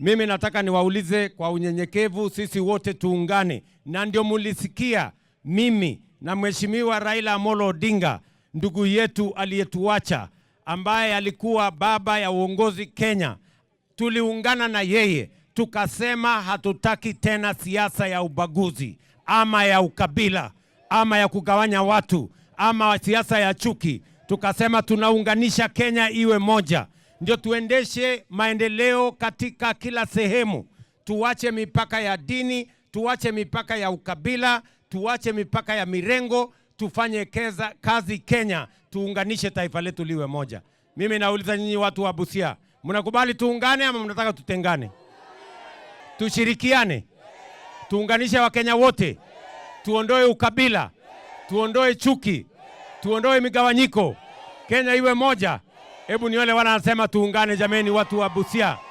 Mimi nataka niwaulize kwa unyenyekevu, sisi wote tuungane, na ndio mulisikia mimi na Mheshimiwa Raila Amolo Odinga, ndugu yetu aliyetuacha, ambaye alikuwa baba ya uongozi Kenya. Tuliungana na yeye tukasema, hatutaki tena siasa ya ubaguzi ama ya ukabila ama ya kugawanya watu ama siasa ya chuki. Tukasema tunaunganisha Kenya iwe moja ndio tuendeshe maendeleo katika kila sehemu. Tuache mipaka ya dini, tuache mipaka ya ukabila, tuache mipaka ya mirengo, tufanye keza, kazi Kenya, tuunganishe taifa letu liwe moja. Mimi nauliza nyinyi watu wa Busia, mnakubali tuungane ama mnataka tutengane? Tushirikiane, tuunganishe Wakenya wote, tuondoe ukabila, tuondoe chuki, tuondoe migawanyiko, Kenya iwe moja. Hebu ni wana wanasema tuungane, jameni, watu wa Busia.